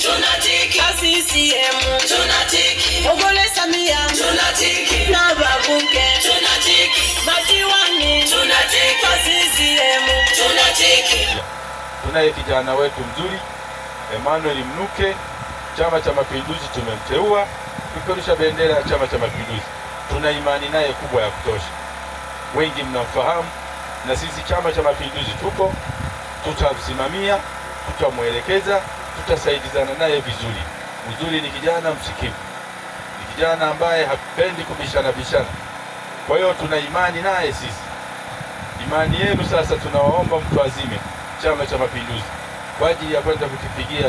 Ogole Tunaye kijana wetu mzuri Emmanuel Mnuke, Chama cha Mapinduzi tumemteua kupeperusha bendera ya Chama cha Mapinduzi. Tuna imani naye kubwa ya kutosha, wengi mnamfahamu, na sisi Chama cha Mapinduzi tupo, tutamsimamia, tutamwelekeza tutasaidizana naye vizuri. Mzuri ni kijana msikivu, ni kijana ambaye hapendi kubishana bishana. Kwa hiyo tuna imani naye sisi. Imani yenu sasa, tunawaomba mtu azime Chama cha Mapinduzi kwa ajili ya kwenda kukipigia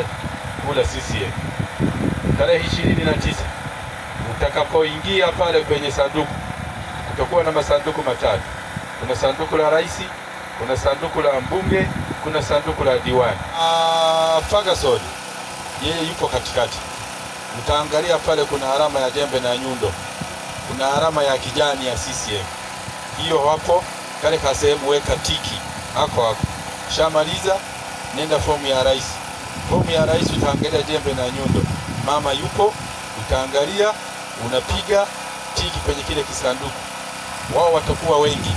kula CCM tarehe ishirini na tisa utakapoingia pale kwenye sanduku kutakuwa na masanduku matatu. Kuna sanduku la rais, kuna sanduku la mbunge kuna sanduku la diwani. Ah, Ferguson yeye yupo katikati, mtaangalia pale kuna alama ya jembe na nyundo, kuna alama ya kijani ya CCM hiyo hapo, kale ka sehemu weka tiki hako hako. Shamaliza nenda fomu ya rais, fomu ya rais utaangalia jembe na nyundo, mama yupo, utaangalia unapiga tiki kwenye kile kisanduku, wao watakuwa wengi.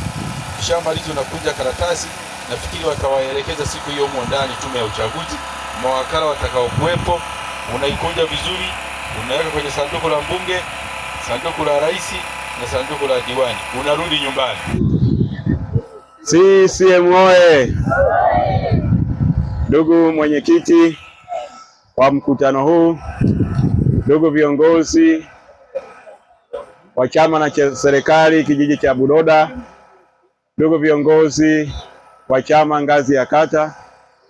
Shamaliza unakunja karatasi nafikiri wakawaelekeza siku hiyo humo ndani tume ya uchaguzi, mawakala watakaokuwepo, unaikunja vizuri, unaweka kwenye sanduku la mbunge, sanduku la rais na sanduku la diwani, unarudi nyumbani. CCM oye! Ndugu mwenyekiti wa mkutano huu, ndugu viongozi wa chama na serikali kijiji cha Budoda, ndugu viongozi wa chama ngazi ya kata,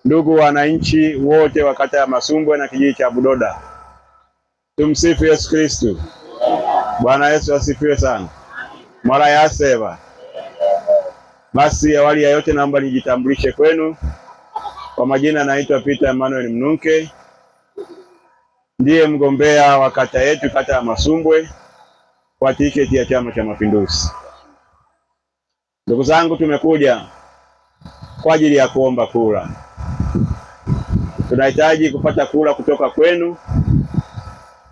ndugu wananchi wote wa kata ya Masumbwe na kijiji cha Budoda, tumsifu Yesu Kristu. Bwana Yesu asifiwe sana. ya yaseva. Basi awali ya yote, naomba nijitambulishe kwenu kwa majina. Naitwa Peter Emmanuel Mnunke, ndiye mgombea wa kata yetu, kata ya Masumbwe kwa tiketi ya Chama cha Mapinduzi. Ndugu zangu, tumekuja kwa ajili ya kuomba kura. Tunahitaji kupata kura kutoka kwenu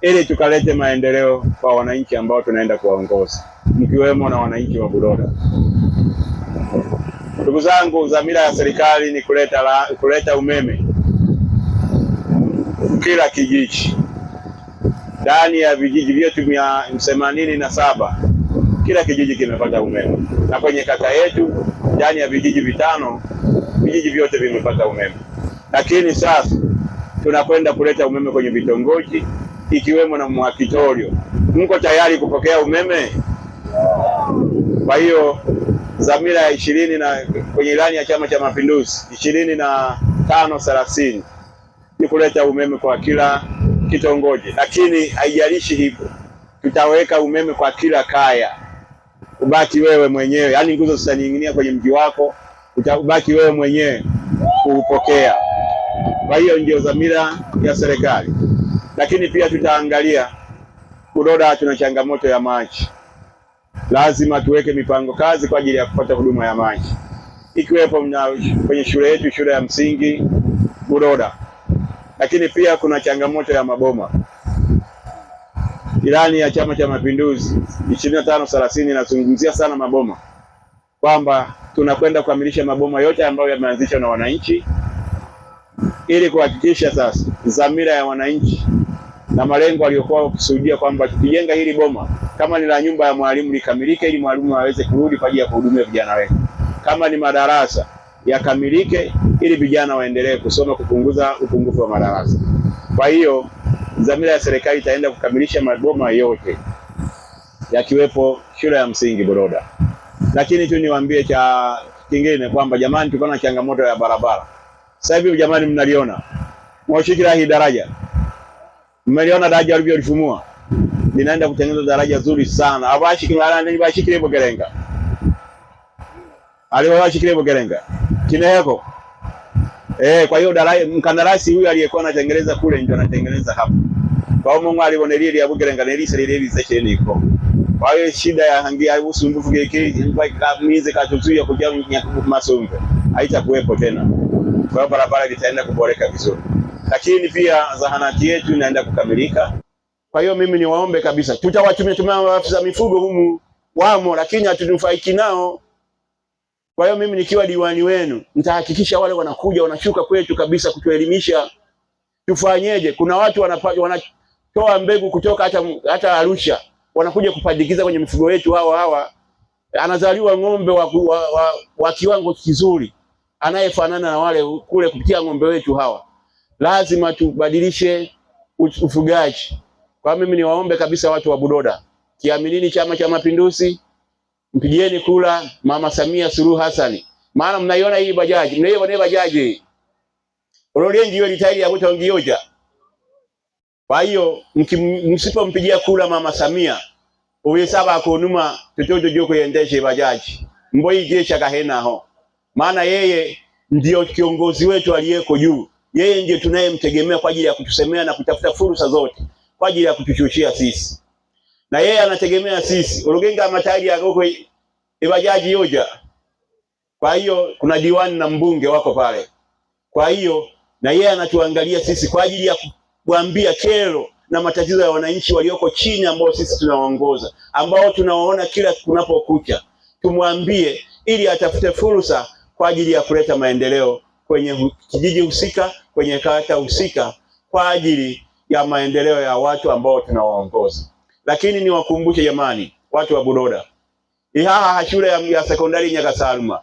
ili tukalete maendeleo kwa wananchi ambao tunaenda kuwaongoza, mkiwemo na wananchi wa Bulola. Ndugu zangu, dhamira ya serikali ni kuleta, la, kuleta umeme kila kijiji ndani ya vijiji vyetu mia themanini na saba kila kijiji kimepata umeme na kwenye kata yetu ndani ya vijiji vitano, vijiji vyote vimepata umeme. Lakini sasa tunakwenda kuleta umeme kwenye vitongoji ikiwemo na Mwakitorio. Mko tayari kupokea umeme? Kwa hiyo dhamira ya ishirini na kwenye ilani ya Chama cha Mapinduzi ishirini na tano thelathini ni kuleta umeme kwa kila kitongoji, lakini haijalishi hivyo, tutaweka umeme kwa kila kaya ubaki wewe mwenyewe, yaani nguzo zitaning'inia kwenye mji wako, utabaki wewe mwenyewe kuupokea. Kwa hiyo ndio dhamira ya serikali, lakini pia tutaangalia Kuroda, tuna changamoto ya maji, lazima tuweke mipango kazi kwa ajili ya kupata huduma ya maji, ikiwepo kwenye shule yetu, shule ya msingi Kuroda. lakini pia kuna changamoto ya maboma ilani ya Chama cha Mapinduzi ishirini na tano thelathini inazungumzia sana maboma, kwamba tunakwenda kukamilisha maboma yote ambayo yameanzishwa na wananchi ili kuhakikisha sasa dhamira ya wananchi na malengo aliyokuwa kusudia kwamba tukijenga hili boma, kama ni la nyumba ya mwalimu likamilike, ili mwalimu aweze kurudi kwa ajili ya kuhudumia vijana wetu. Kama ni madarasa yakamilike, ili vijana waendelee kusoma, kupunguza upungufu wa madarasa. Kwa hiyo dhamira ya serikali itaenda kukamilisha maboma yote yakiwepo shule ya msingi Boroda. Lakini tu niwaambie cha kingine kwamba jamani, tuko na changamoto ya barabara sasa hivi. Jamani, mnaliona mwashikira hii daraja, mmeliona daraja walivyolifumua linaenda kutengeneza daraja zuri sana abashikire bogerenga aliwashikire bogerenga kineheko eh. Kwa hiyo mkandarasi huyu aliyekuwa anatengeneza kule ndio anatengeneza hapa twahuma mwalibonera ili yabugerengana ili isere ili bize chene iko kwa hiyo shida ya hangi ya usumbufu geke mize ya katuzuia kuja masombe haitakuwepo tena. Kwa hiyo barabara litaenda kuboreka vizuri, lakini pia zahanati yetu inaenda kukamilika. Kwa hiyo mimi niwaombe kabisa, tutawatumia tumia maafisa mifugo humu wamo, lakini hatunufaiki nao. Kwa hiyo mimi nikiwa diwani wenu nitahakikisha wale wanakuja wanashuka kwetu kabisa kutuelimisha tufanyeje. Kuna watu wanapa, wana, toa mbegu kutoka hata hata Arusha, wanakuja kupandikiza kwenye mifugo yetu. Hawa hawa anazaliwa ng'ombe wa, wa, wa, wa kiwango kizuri anayefanana na wale kule kupitia ng'ombe wetu hawa. Lazima tubadilishe ufugaji. Kwa mimi niwaombe kabisa watu wa Budoda, kiaminini Chama cha Mapinduzi, mpigieni kula Mama Samia Suluhu Hassan, maana mnaiona hii bajaji, mnaiona hii bajaji ololyenjiyo litaili yakutongiyoja kwa hiyo msipompigia kula mama Samia uwisaba akunuma totojo jo kuyendesha bajaji mboi jesha kahena ho, maana yeye ndio kiongozi wetu aliyeko juu. Yeye ndiye tunayemtegemea kwa ajili ya kutusemea na kutafuta fursa zote kwa ajili ya kutushushia sisi, na yeye anategemea sisi urugenga matari ya yagoko ibajaji yoja. Kwa hiyo kuna diwani na mbunge wako pale, kwa hiyo na yeye anatuangalia sisi kwa ajili ya kuambia kero na matatizo ya wananchi walioko chini ambao sisi tunawaongoza, ambao tunawaona kila kunapokucha, tumwambie ili atafute fursa kwa ajili ya kuleta maendeleo kwenye kijiji husika, kwenye kata husika, kwa ajili ya maendeleo ya watu ambao tunawaongoza. Lakini niwakumbushe jamani, watu wa Budoda, Ihaha shule ya, ya sekondari Nyakasalma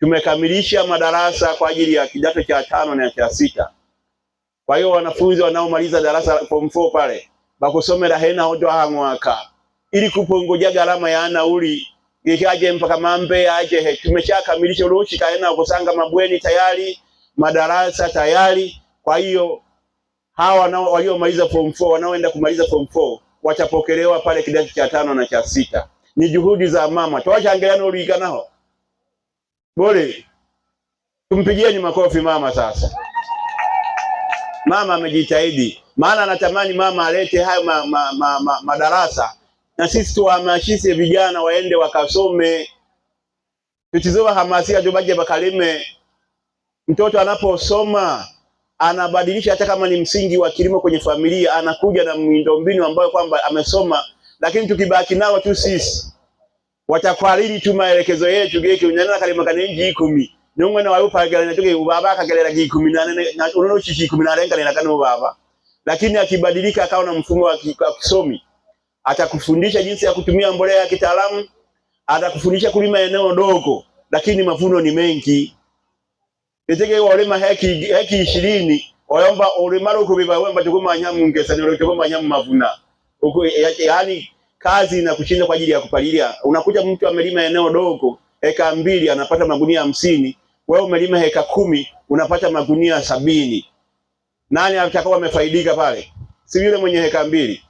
tumekamilisha madarasa kwa ajili ya kidato cha tano na cha sita. Kwa hiyo wanafunzi wanaomaliza darasa la form 4 pale bakusomera hena hojo ha mwaka ili kupunguza gharama ya nauli ikaje mpaka mambe aje he tumeshakamilisha uloshi kaena kusanga mabweni tayari madarasa tayari. Kwa hiyo hawa nao waliomaliza form 4 wanaoenda kumaliza form 4 watapokelewa pale kidato cha tano na cha sita. Ni juhudi za mama na uliika nao bole, tumpigieni makofi mama sasa mama amejitahidi, maana anatamani mama alete hayo ma, ma, ma, ma, madarasa na sisi tuwahamasishe vijana waende wakasome, tutizowahamasisha tu baje bakalime. Mtoto anaposoma anabadilisha, hata kama ni msingi wa kilimo kwenye familia, anakuja na miundombinu ambayo kwamba amesoma. Lakini tukibaki nao tu sisi, watakwalili tu maelekezo yetu geki unyanana kalima n'umwana wawe upagelana toke ubaba akagelera gi 18 na unaona chichi 18 kalenda kana ubaba lakini akibadilika akawa na mfumo wa kisomi atakufundisha jinsi ya kutumia mbolea ya kitaalamu atakufundisha kulima eneo dogo lakini mavuno ni mengi etege walema heki heki 20 oyomba ulimaro kubiba wemba tukumanya mungesa ni tukumanya mavuna uko yani kazi na inakushinda kwa ajili ya kupalilia unakuja mtu amelima eneo dogo eka mbili anapata magunia hamsini wewe umelima heka kumi unapata magunia sabini. Nani atakuwa amefaidika pale? Si yule mwenye heka mbili.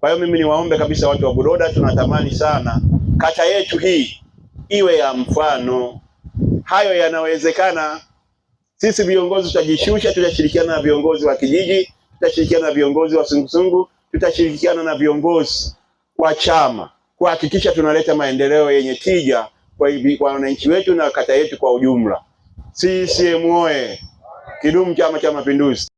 Kwa hiyo mimi niwaombe kabisa watu wa Buloda, tunatamani sana kata yetu hii iwe ya mfano. Hayo yanawezekana. Sisi viongozi tutajishusha, tutashirikiana na viongozi wa kijiji, tutashirikiana na viongozi wa sungusungu, tutashirikiana na viongozi wa chama kuhakikisha tunaleta maendeleo yenye tija kwa wananchi wetu na kata yetu kwa ujumla. CCM oye! Kidumu Chama cha Mapinduzi!